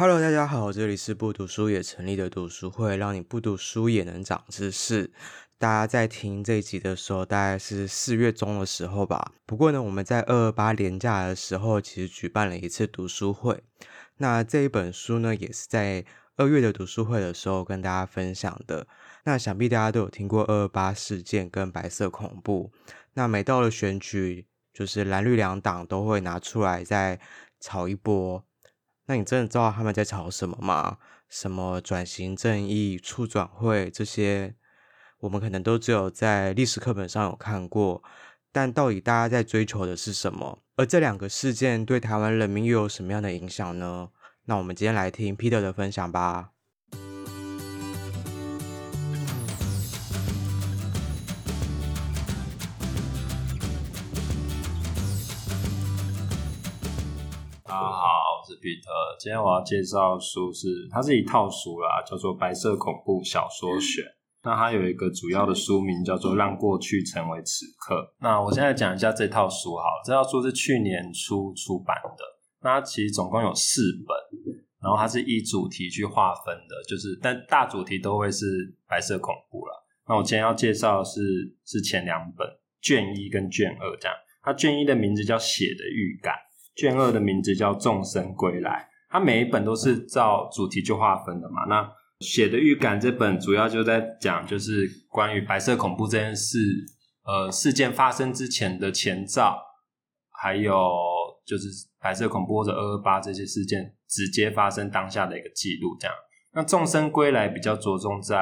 Hello，大家好，這裡是不讀書也成立的讀書會，讓你不讀書也能長知識。大家在聽這一集的時候，大概是四月中的時候吧。不過呢，我們在二二八連假的時候，其實舉辦了一次讀書會。那這一本書呢，也是在二月的讀書會的時候跟大家分享的。那想必大家都有聽過二二八事件跟白色恐怖。那每到了選舉，就是藍綠兩黨都會拿出來再炒一波。那你真的知道他們在吵什麼嗎？什麼轉型正義、促轉會這些，我們可能都只有在歷史課本上有看過，但到底大家在追求的是什麼？而這兩個事件對臺灣人民又有什麼樣的影響呢？那我們今天來聽 Peter 的分享吧。彼得，今天我要介紹的書是，它是一套書啦，叫做《白色恐怖小說選》嗯。那它有一個主要的書名叫做《讓過去成為此刻》。嗯、那我現在講一下這套書好，這套書是去年初出版的。那它其實總共有四本，然後它是依主題去劃分的，就是但大主題都會是白色恐怖啦。那我今天要介紹的是是前兩本，卷一跟卷二這樣。它卷一的名字叫《血的預感》。卷二的名字叫《眾聲歸來》，它每一本都是照主題去劃分的嘛。那血的預感這本主要就在講，就是關於白色恐怖這件事，呃，事件發生之前的前兆，還有就是白色恐怖或者二二八這些事件直接發生當下的一個記錄。這樣，那《眾聲歸來》比較着重在，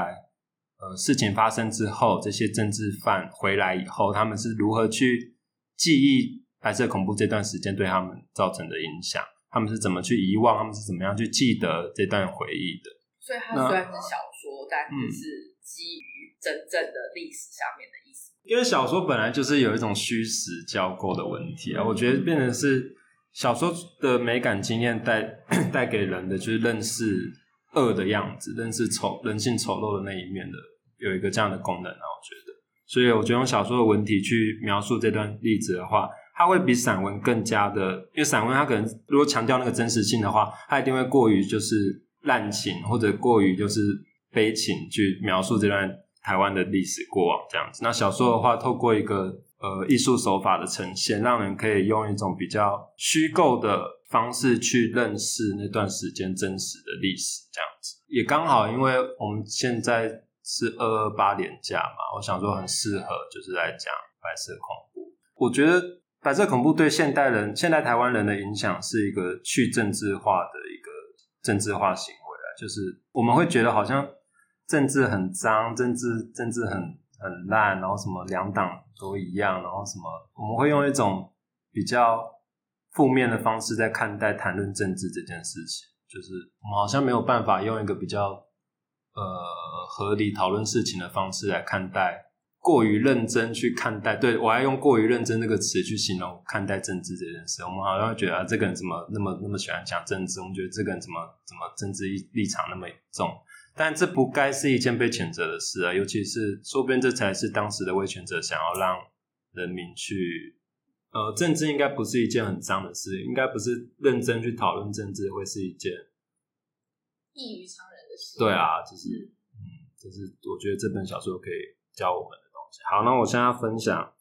呃，事情發生之後，這些政治犯回來以後，他們是如何去記憶。白色恐怖這段時間對他們造成的影響，他們是怎麼去遺忘？他們是怎麼樣去記得這段回憶的？所以它雖然是小說，嗯、但是基於真正的歷史上面的意思。因為小說本來就是有一種虛實交構的問題啊、嗯，我覺得變成是小說的美感經驗帶帶給人的，就是認識惡的樣子，嗯、認識醜人性醜陋的那一面的，有一個這樣的功能啊。我覺得，所以我覺得用小說的文體去描述這段例子的話。它會比散文更加的，因為散文它可能如果強調那個真實性的話，它一定會過於就是濫情或者過於就是悲情去描述這段台灣的歷史過往這樣子。那小說的話，透過一個呃藝術手法的呈現，讓人可以用一種比較虛構的方式去認識那段時間真實的歷史這樣子。也剛好，因為我們現在是二二八年假嘛，我想說很適合就是來講白色恐怖。我覺得。白色恐怖對現代人、現代臺灣人的影響是一個去政治化的一個政治化行為，啊，就是我們會覺得好像政治很髒，政治政治很很爛，然後什麼兩黨都一樣，然後什麼我們會用一種比較負面的方式在看待談論政治這件事情，就是我們好像沒有辦法用一個比較呃合理討論事情的方式來看待。過於認真去看待，對，我還用“過於認真”這個詞去形容看待政治這件事。我們好像會覺得啊，這個人怎麼那麼那麼喜歡講政治？我們覺得這個人怎麼怎麼政治立立場那麼重？但這不該是一件被譴責的事啊！尤其是說不定這才是當時的威權者想要讓人民去……呃，政治應該不是一件很髒的事，應該不是認真去討論政治會是一件異於常人的事啊。對啊，就是嗯，就是我覺得這本小說可以教我們。好，那我現在要分享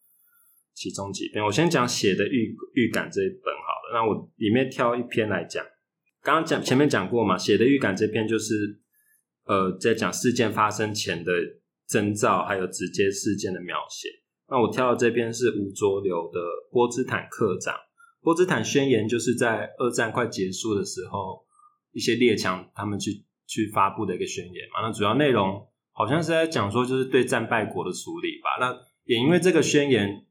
其中幾篇。我先講血的預預感這一本好了。那我裡面挑一篇來講。剛剛講前面講過嘛，血的預感這篇就是呃，在講事件發生前的徵兆，還有直接事件的描寫。那我挑的這篇是吳濁流的波《波茨坦課長》。波茨坦宣言就是在二戰快結束的時候，一些列強他們去去發布的一個宣言嘛。那主要內容，好像是在講說，就是對戰敗國的處理吧。那也因為這個宣言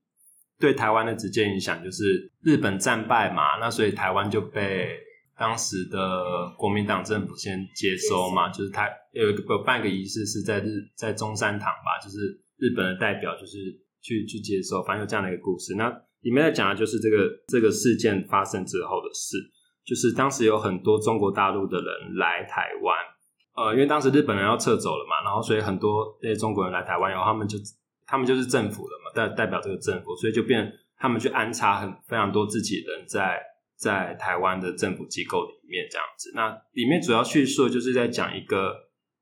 對台灣的直接影響，就是日本戰敗嘛，那所以台灣就被當時的國民黨政府先接收嘛。是就是台，有一個，有辦一個儀式是在日，在中山堂吧，就是日本的代表就是去去接受，反正有這樣的一個故事。那裡面在講的就是這個這個事件發生之後的事，就是當時有很多中國大陸的人來台灣。呃，因為當時日本人要撤走了嘛，然後所以很多那些中國人來台灣以後，他們就他們就是政府的嘛，代代表這個政府，所以就變他們去安插很非常多自己人在在台灣的政府機構裡面這樣子。那裡面主要敘述的就是在講一個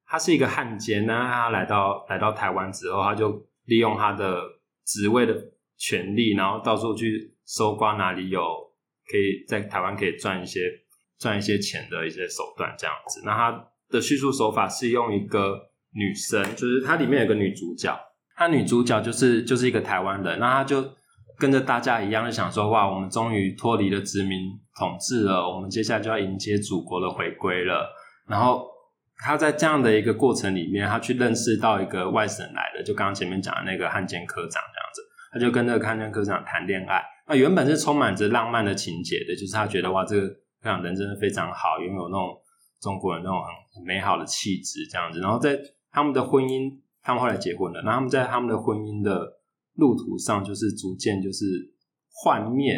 他是一個漢奸，那他來到來到台灣之後，他就利用他的職位的權利，然後到處去搜刮哪裡有可以在台灣可以賺一些賺一些錢的一些手段這樣子。那他。的敘述手法是用一個女生，就是它裡面有個女主角，她女主角就是就是一個台灣人，那她就跟着大家一樣，就想說哇，我們終於脫離了殖民統治了，我們接下來就要迎接祖國的回歸了。然後她在這樣的一個過程裡面，她去認識到一個外省來的，就剛剛前面講的那個漢奸科長這樣子，她就跟這個漢奸科長談戀愛。那原本是充滿着浪漫的情節的，就是她覺得哇，這個科長人真的非常好，擁有那種。中國人那種很美好的氣質，這樣子。然後在他們的婚姻，他們後來結婚了。那他們在他們的婚姻的路途上，就是逐漸就是幻滅，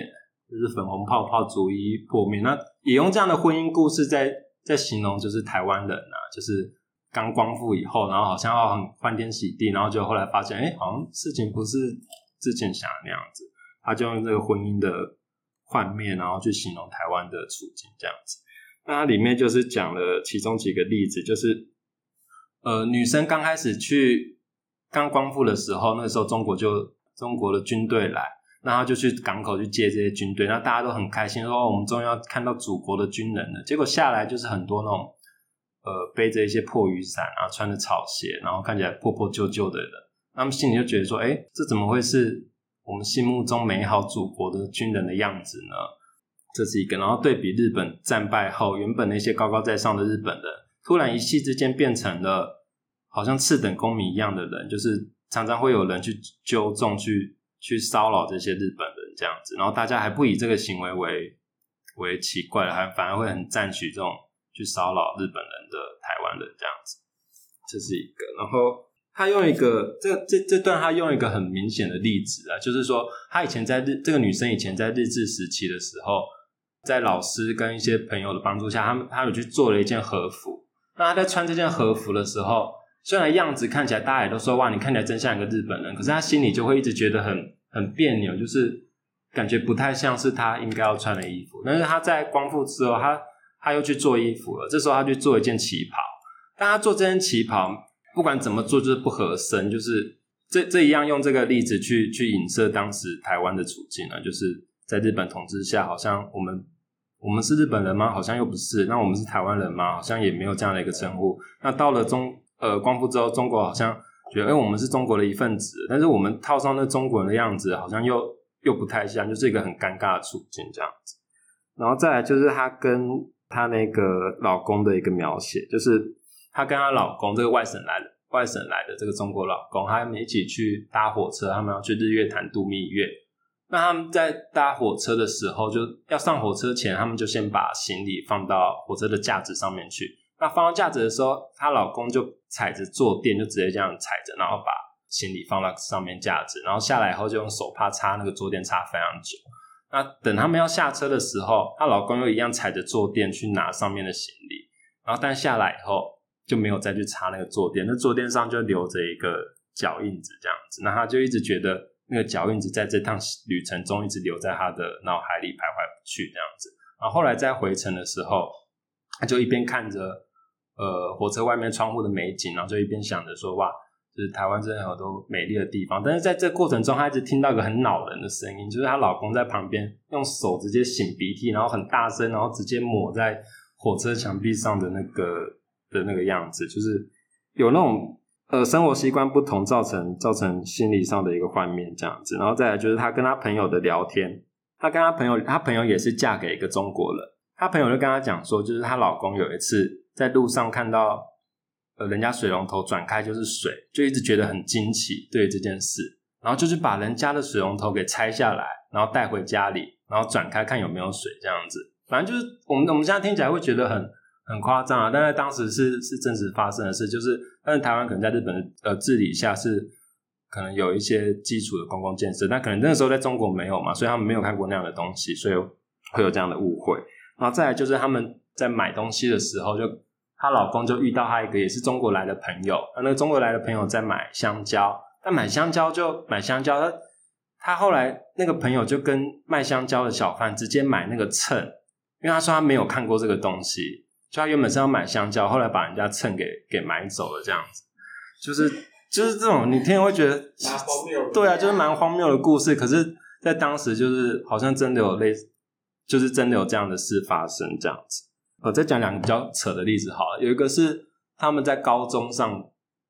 就是粉紅泡泡逐一破滅。那也用這樣的婚姻故事在，在在形容就是台灣人啊，就是剛光復以後，然後好像要很歡天喜地，然後就後來發現，哎、欸，好像事情不是之前想的那樣子。他就用這個婚姻的幻滅，然後去形容台灣的處境，這樣子。那裡面就是講了其中幾個例子，就是，呃，女生剛開始去剛光復的時候，那時候中國就中國的軍隊來，然後就去港口去接這些軍隊，那大家都很開心說，說、哦、我們終於要看到祖國的軍人了。結果下來就是很多那種，呃，背着一些破雨傘啊，穿着草鞋，然後看起來破破舊舊的，人，那麼心裡就覺得說，哎、欸，這怎麼會是我們心目中美好祖國的軍人的樣子呢？這是一個，然後對比日本戰敗後，原本那些高高在上的日本人，突然一夕之間變成了好像次等公民一樣的人，就是常常會有人去糾眾去去騷擾這些日本人這樣子，然後大家還不以這個行為為為奇怪，還反而會很贊許這種去騷擾日本人的台灣人這樣子，這是一個。然後他用一個這這這段他用一個很明顯的例子啊，就是說他以前在日這個女生以前在日治時期的時候。在老師跟一些朋友的幫助下，他們他有去做了一件和服。那他在穿這件和服的時候，雖然樣子看起來大家也都說，哇，你看起來真像一個日本人，可是他心裡就會一直覺得很很別扭，就是感覺不太像是他應該要穿的衣服。但是他在光復之後，他他又去做衣服了。這時候他去做一件旗袍，但他做這件旗袍，不管怎麼做就是不合身，就是這這一樣用這個例子去去影射當時臺灣的處境呢，就是在日本統治下，好像我們。我們是日本人嗎？好像又不是。那我們是台灣人嗎？好像也沒有這樣的一個稱呼。那到了中呃光復之後，中國好像覺得哎，我們是中國的一份子。但是我們套上那中國人的樣子，好像又又不太像，就是一個很尷尬的處境這樣子。然後再來就是她跟她那個老公的一個描寫，就是她跟她老公這個外省來的外省來的這個中國老公，他們一起去搭火車，他們要去日月潭度蜜月。那他們在搭火車的時候，就要上火車前，他們就先把行李放到火車的架子上面去。那放到架子的時候，她老公就踩着坐墊，就直接這樣踩着，然後把行李放到上面架子。然後下來以後，就用手帕擦那個坐墊，擦非常久。那等他們要下車的時候，她老公又一樣踩着坐墊去拿上面的行李。然後但下來以後，就沒有再去擦那個坐墊，那坐墊上就留着一個腳印子，這樣子。那她就一直覺得。那個腳印子在這趟旅程中一直留在他的腦海裡徘徊不去這樣子，然後後來在回程的時候，他就一邊看着呃火車外面窗戶的美景，然後就一邊想着說哇，就是台灣真的好多美麗的地方。但是在這過程中，他一直聽到一個很惱人的聲音，就是她老公在旁邊用手直接擤鼻涕，然後很大聲，然後直接抹在火車牆壁上的那個的那個樣子，就是有那種。呃，生活習慣不同造成造成心理上的一個幻滅這樣子，然後再來就是他跟他朋友的聊天，他跟他朋友，他朋友也是嫁給一個中國人，他朋友就跟他講說，就是她老公有一次在路上看到，呃，人家水龍頭轉開就是水，就一直覺得很驚奇，對這件事，然後就是把人家的水龍頭給拆下來，然後帶回家裡，然後轉開看有沒有水這樣子，反正就是我們我們現在聽起來會覺得很。很誇張啊！但在當時是是真實發生的事，就是，但是台灣可能在日本呃治理下是可能有一些基礎的公共建設，但可能那個時候在中國沒有嘛，所以他們沒有看過那樣的東西，所以會有這樣的誤會。然後再來就是他們在買東西的時候，就她老公就遇到她一個也是中國來的朋友，那那個中國來的朋友在買香蕉，但買香蕉就買香蕉，他他後來那個朋友就跟賣香蕉的小販直接買那個秤，因為他說他沒有看過這個東西。就他原本是要買香蕉，後來把人家秤給給買走了，這樣子，就是就是這種，你聽會覺得，對啊，就是蠻荒謬的故事。可是，在當時，就是好像真的有類似，就是真的有這樣的事發生，這樣子。我再講兩個比較扯的例子好了，有一個是他們在高中上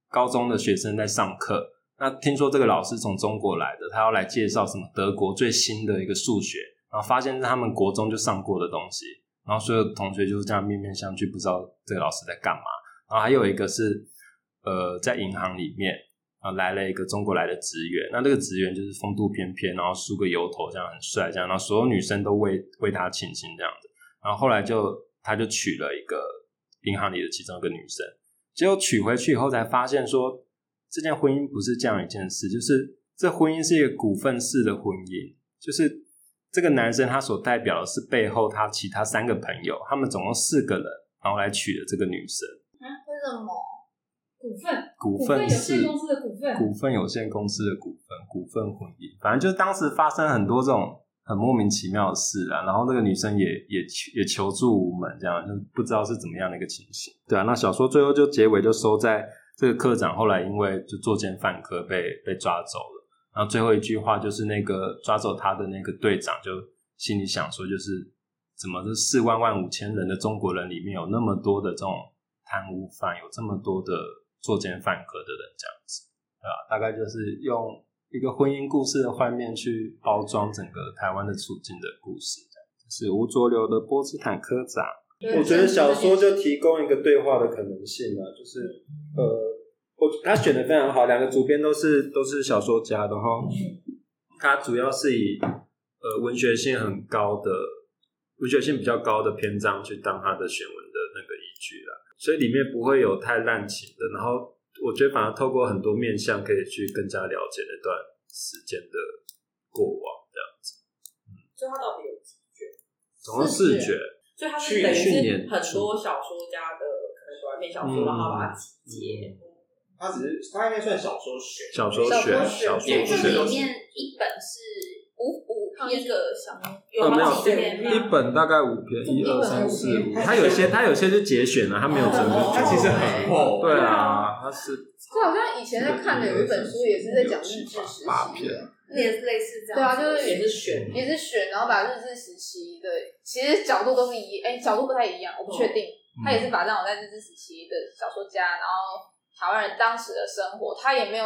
高中的學生在上課，那聽說這個老師從中國來的，他要來介紹什麼德國最新的一個數學，然後發現是他們國中就上過的東西。然後所有同學就是這樣面面相覷，不知道這個老師在幹嘛。然後還有一個是，呃，在銀行裡面啊，來了一個中國來的職員。那這個職員就是風度翩翩，然後梳個油頭，這樣很帥，這樣。然後所有女生都為為他傾心，這樣子。然後後來就他就娶了一個銀行裡的其中一個女生。結果娶回去以後才發現說，這件婚姻不是這樣一件事，就是這婚姻是一個股份式的婚姻，就是。這個男生他所代表的是背後他其他三個朋友，他們總共四個人，然後來娶了這個女生。啊？為什麼？股份，股份，是股份有限公司的股份，股份有限公司的股份，股份婚姻，反正就是當時發生很多這種很莫名其妙的事啊。然後那個女生也也也求，也求助無門，這樣就不知道是怎麼樣的一個情形。對啊，那小說最後就結尾就收在這個科長後來因為就作奸犯科被被抓走了。然後最後一句話就是那個抓走他的那個隊長就心裡想說，就是怎麼這四萬萬五千人的中國人裡面有那麼多的這種貪污犯，有這麼多的作姦犯科的人這樣子啊。大概就是用一個婚姻故事的畫面去包裝整個台灣的處境的故事這樣，就是吳濁流的波茨坦科長，我覺得小說就提供一個對話的可能性啊，就是呃。他選的非常好，兩個主編都是都是小說家的哦。他主要是以呃文學性很高的，文學性比較高的篇章去當他的選文的那個依據啦。所以裡面不會有太濫情的。然後我覺得反而透過很多面向可以去更加了解那段時間的過往這樣子。嗯，所以他到底有幾卷？總共四卷，四卷，所以他是等於是很多小說家的可能短篇小說的話，的好把它集結。幾它只是它應該算小說選，小說選，小說選，就是裡面一本是五五一個小、嗯、有好幾篇，一本大概五篇，一二三四五,五,四五,五，它有些它有些是節選啊，它沒有整本、哦，它其實很厚、哦啊，對啊，它是。就好像以前在看的有一、嗯、本書，也是在講日治時期，也是類似這樣，對啊，就是也是選、嗯、也是選，然後把日治時期對其實角度都是一，哎、欸，角度不太一樣，我不確定，他也是把那種在日治時期的小說家，然後。台灣人當時的生活，他也沒有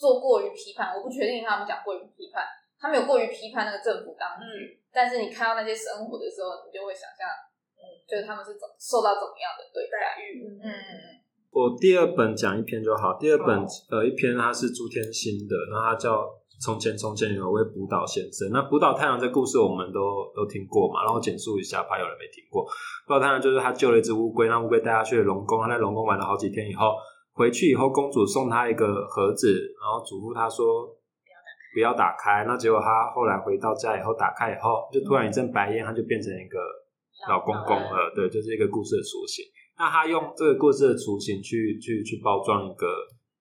做過於批判。嗯、我不確定他們講過於批判，他沒有過於批判那個政府當局。嗯、但是你看到那些生活的時候，你就會想象，嗯，就是他們是怎受到怎麼樣的對待。嗯，嗯，我第二本講一篇就好，第二本、哦、呃一篇，它是朱天心的，那他叫。從前，從前有位浦島先生。那浦島太郎這故事我們都都聽過嘛？然後簡述一下，怕有人沒聽過。浦島太郎就是他救了一隻烏龜，讓烏龜帶他去龍宮。他在龍宮玩了好幾天以後，回去以後，公主送他一個盒子，然後囑咐他說：“不要打開。”那結果他後來回到家以後，打開以後，就突然一陣白煙，他就變成一個老公公了。對，就是一個故事的雛形。那他用這個故事的雛形去去去包裝一個、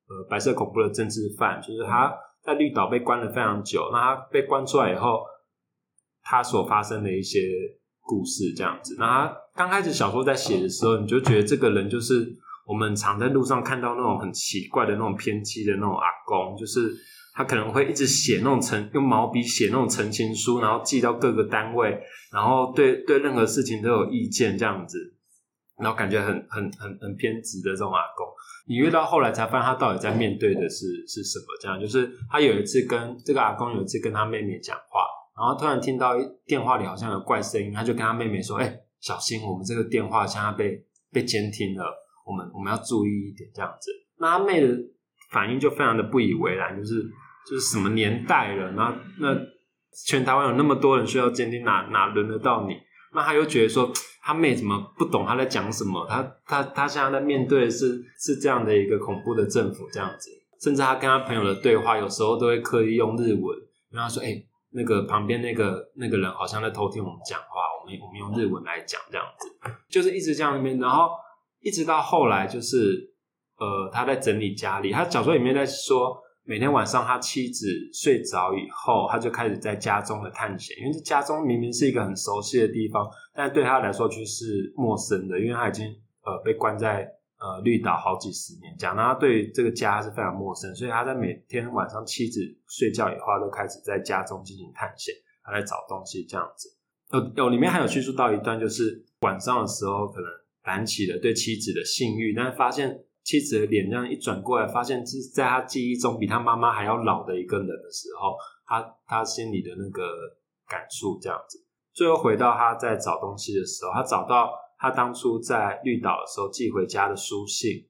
呃、白色恐怖的政治犯，就是他。嗯在綠島被關了非常久，那他被關出來以後，他所發生的一些故事這樣子。那他剛開始小說在寫的時候，你就覺得這個人就是我們常在路上看到那種很奇怪的那種偏激的那種阿公，就是他可能會一直寫那種成用毛筆寫那種陳情書，然後寄到各個單位，然後對對任何事情都有意見這樣子。然後感覺很很很很偏執的這種阿公，你越到後來才發現他到底在面對的是是什麼？這樣就是他有一次跟這個阿公有一次跟他妹妹講話，然後突然聽到一電話裡好像有怪聲音，他就跟他妹妹說：“哎、欸，小心我們這個電話現在被被監聽了，我們我們要注意一點這樣子。”那他妹的反應就非常的不以為然，就是就是什麼年代了？那那全台灣有那麼多人需要監聽，哪哪輪得到你？那他又覺得說，他妹怎麼不懂他在講什麼？他他他現在在面對的是是這樣的一個恐怖的政府這樣子，甚至他跟他朋友的對話有時候都會刻意用日文，然後他說，哎、欸，那個旁邊那個那個人好像在偷聽我們講話，我們我們用日文來講這樣子，就是一直這樣面，然後一直到後來就是，呃，他在整理家裡，他小說裡面在說。每天晚上，他妻子睡着以後，他就開始在家中的探險。因為這家中明明是一個很熟悉的地方，但對他來說卻是陌生的，因為他已經呃被關在呃綠島好幾十年，講他對這個家是非常陌生。所以他在每天晚上妻子睡覺以後，他都開始在家中進行探險，他在找東西這樣子。哦哦，裡面還有敘述到一段，就是晚上的時候，可能燃起了對妻子的性欲，但發現。妻子的臉這樣一轉過來，發現是在他記憶中比他媽媽還要老的一個人的時候，他他心裡的那個感觸這樣子。最後回到他在找東西的時候，他找到他當初在綠島的時候寄回家的書信，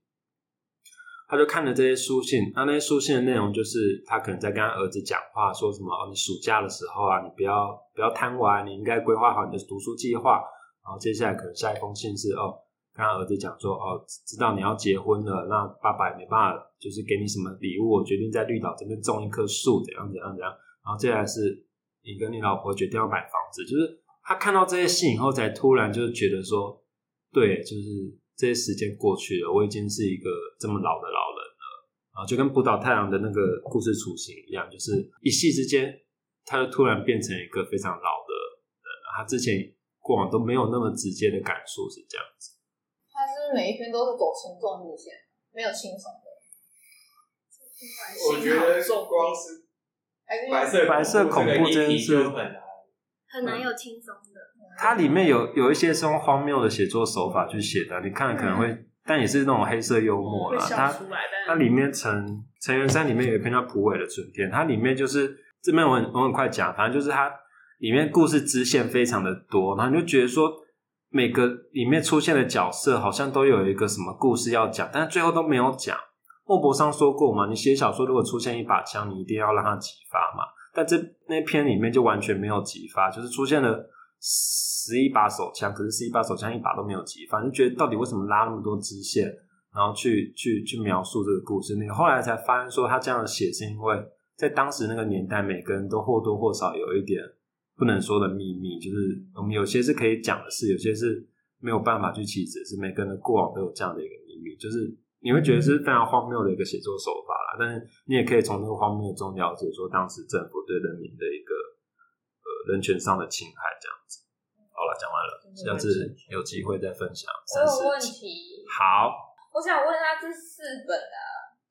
他就看了這些書信。那那些書信的內容就是他可能在跟他兒子講話，說什麼哦，你暑假的時候啊，你不要不要貪玩，你應該規劃好你的讀書計劃。然後接下來可能下一封信是哦。跟兒子講說哦，知道你要結婚了，那爸爸也沒辦法，就是給你什麼禮物。我決定在綠島這邊種一棵樹，怎樣怎樣怎樣。然後接下來是你跟你老婆決定要買房子，就是他看到這些信以後，才突然就覺得說，對，就是這些時間過去了，我已經是一個這麼老的老人了。然後就跟浦島太郎的那個故事雛形一樣，就是一夕之間，他就突然變成一個非常老的人。他之前過往都沒有那麼直接的感受，是這樣子。每一篇都是走沉重路線，沒有輕鬆的。我覺得光是白色恐怖真的是很難有輕鬆的。嗯嗯。它裡面有有一些是用荒謬的寫作手法去寫的，你看可能會，嗯，但也是那種黑色幽默了。它它裡面陳陳垣三裡面有一篇叫《浦尾的春天》，它裡面就是這邊我很我很快講，反正就是它裡面故事支線非常的多，然後你就覺得說。每個裡面出現的角色好像都有一個什麼故事要講，但是最後都沒有講。莫泊桑說過嘛，你寫小說如果出現一把槍，你一定要讓它擊發嘛。但這那篇裡面就完全沒有擊發，就是出現了十一把手槍，可是十一把手槍一把都沒有擊發，你覺得到底為什麼拉那麼多支線，然後去去去描述這個故事。那個後來才發現說，他這樣寫是因為在當時那個年代，每個人都或多或少有一點。不能說的祕密，就是我們有些是可以講的是，是有些是沒有辦法去啟齒。是每個人的過往都有這樣的一個祕密，就是你會覺得是非常荒謬的一個寫作手法啦，但是你也可以從這個荒謬中了解說當時政府對人民的一個呃人權上的侵害。這樣子，好了，講完了，下、嗯、次有機會再分享。我有問題。好，我想問他，這四本啊，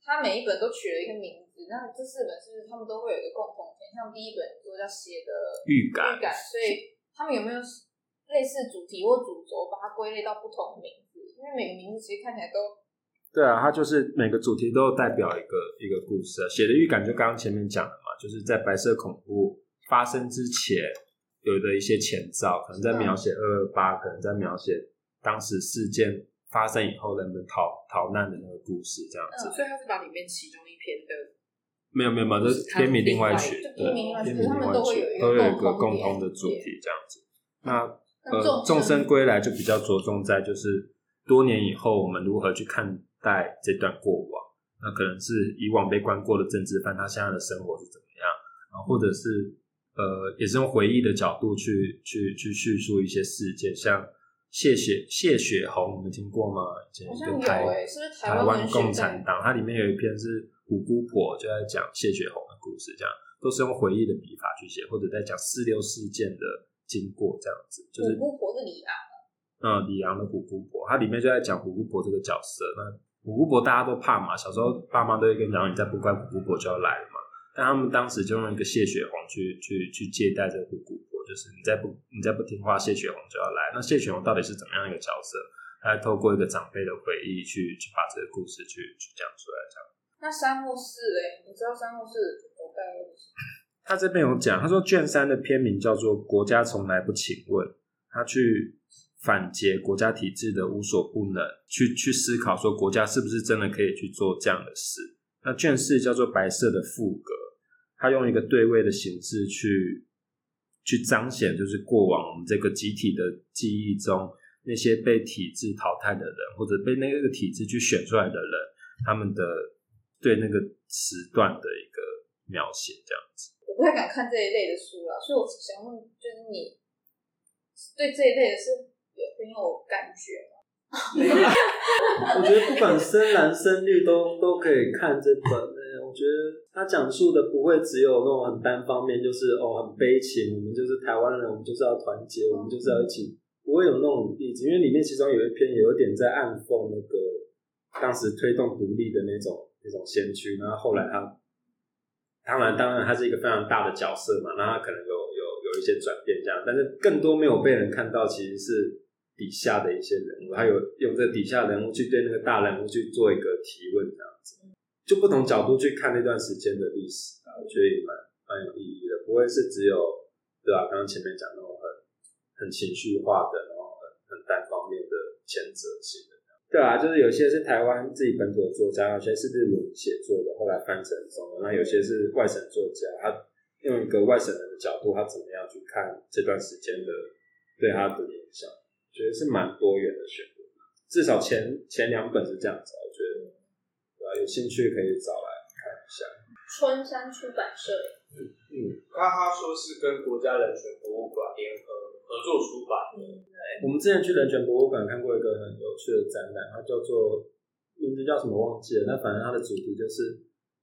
他每一本都取了一個名字。那這四本是不是他們都會有一個共同點？像第一本就叫血的預感、預感，所以他們有沒有類似主題或主軸，把它歸類到不同的名字？因為每個名字其實看起來都……對啊，它就是每個主題都代表一個一個故事，啊。血的預感就剛剛前面講的嘛，就是在白色恐怖發生之前有的一些前兆，可能在描寫二二八，可能在描寫當時事件發生以後人們逃逃難的那個故事這樣子，嗯。所以他是把裡面其中一篇的。沒有沒有沒有，這是篇名另外取，對，篇名另外取，他們都會有一個都會有一個共通的主題這樣子。嗯、那呃眾聲歸來，就比較着重在就是多年以後我們如何去看待這段過往。那可能是以往被關過的政治犯，他現在的生活是怎麼樣？然後或者是呃，也是用回憶的角度去去去敘述一些事件，像謝雪謝雪紅，你們聽過嗎？以前跟台是不是台灣共產黨？它裡面有一篇是。嗯虎姑婆就在講謝雪紅的故事，這樣都是用回憶的筆法去寫，或者在講四六事件的經過，這樣子就是虎姑婆的李昂。嗯，李昂的虎姑婆，他裡面就在講虎姑婆這個角色。那虎姑婆大家都怕嘛，小時候爸媽都會跟講，你再不乖，虎姑婆就要來了嘛。但他們當時就用一個謝雪紅去去去借代這個虎姑婆，就是你再不你再不聽話，謝雪紅就要來。那謝雪紅到底是怎麼樣一個角色？他還透過一個長輩的回憶去去把這個故事去去講出來，這樣。那三幕四，誒，你知道三幕四都蓋了什麼？他這邊有講，他說，卷三的篇名叫做《國家從來不請問》，他去反詰國家體制的無所不能，去去思考說國家是不是真的可以去做這樣的事。那卷四叫做《白色的賦格》，他用一個對位的形式去去彰顯，就是過往我們這個集體的記憶中那些被體制淘汰的人，或者被那個體制去選出來的人，他們的。對那個時段的一個描寫，這樣子，我不太敢看這一類的書啦、啊，所以我想問，就是你對這一類的是有很有感覺嗎？ 我覺得不管深藍深綠都都可以看這本、欸。我覺得他講述的不會只有那種很單方面，就是哦很悲情。我們就是台灣人，我們就是要團結，我們就是要一起，不會有那種例子，因為裡面其中有一篇也有點在暗諷那個當時推動獨立的那種。那種先驅，然後後來他，當然當然他是一個非常大的角色嘛，那他可能有有有一些轉變這樣，但是更多沒有被人看到，其實是底下的一些人物，他有用這底下人物去對那個大人物去做一個提問這樣子，就不同角度去看那段時間的歷史，我覺得也蠻蠻有意義的，不會是只有對吧、啊？剛剛前面講那種很很情緒化的，然後很很單方面的譴責性。對啊，就是有些是台灣自己本土的作家，有些是日文寫作的，後來翻成中文。那有些是外省作家，他用一個外省人的角度，他怎麼樣去看這段時間的對他的影響？覺得是蠻多元的選擇，至少前前兩本是這樣子。我覺得對啊，有興趣可以找來看一下。春山出版社，嗯嗯，那他說是跟國家人權博物館聯合合作出版的。嗯我們之前去人權博物館看過一個很有趣的展覽，它叫做，名字叫什麼忘記了，那反正它的主題就是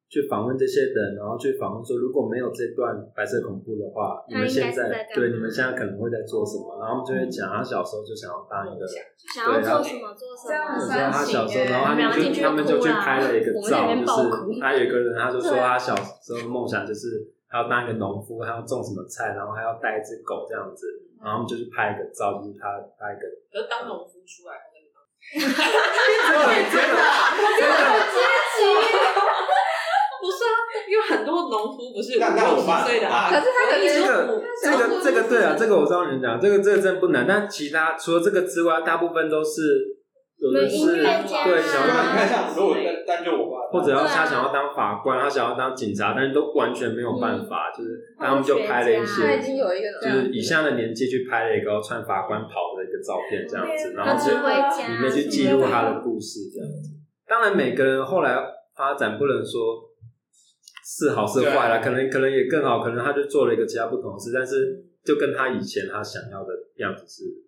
去訪問這些人，然後去訪問說如果沒有這段白色恐怖的話，你們現在，對，你們現在可能會在做什麼？然後就會講，嗯，他小時候就想要當一個人想，想要做什麼做什麼？什麼啊，嗯，他小時候，然後他就他們就，就去拍了一個照，就是他有一個人，他就說他小時候夢想就是他要當一個農夫，他要種什麼菜，然後還要帶一只狗這樣子。然後我們就是拍一個照，就是他拍一個。可是、嗯、當農夫出來，真的嗎？ 這個真的， 我真的很刺激。不是啊，因為很多農夫不是五六十歲的，的，可是他可說、嗯、這個、嗯、這個這個對啊、嗯這個這個嗯，這個我知道你講，這個這個真的不難。但其他除了這個之外，大部分都是。有的是、啊、對，想要你看一下，子，子如果單就我或者要他想要當法官，他想要當警察，但是都完全沒有辦法，嗯、就是他們就拍了一些，已經有一個，就是以現在的年紀去拍了一個穿法官袍的一個照片這樣子，然後就裡面去記錄他的故事這樣子。當然，每個人後來發展不能說是好是壞啦，可能可能也更好，可能他就做了一個其他不同事，但是就跟他以前他想要的樣子是。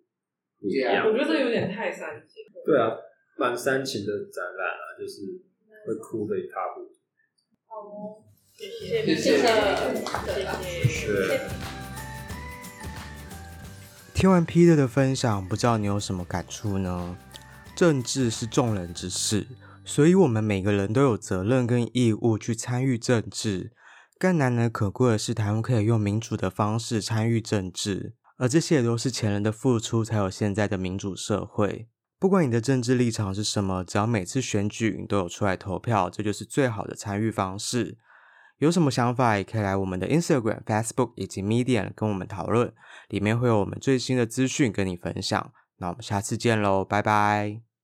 啊、我覺得這有點太煽情。對啊，蠻煽情的展覽啊，就是會哭得一塌糊塗。好，謝謝謝謝謝謝，謝謝。聽完 Peter 的分享，不知道你有什麼感觸呢？政治是眾人之事，所以我們每個人都有責任跟義務去參與政治。更難能可貴的是，台灣可以用民主的方式參與政治。而這些也都是前人的付出，才有現在的民主社會。不管你的政治立場是什麼，只要每次選舉你都有出來投票，這就是最好的參與方式。有什麼想法也可以來我們的 Instagram、Facebook 以及 Medium 跟我們討論，裡面會有我們最新的資訊跟你分享。那我們下次見嘍，拜拜。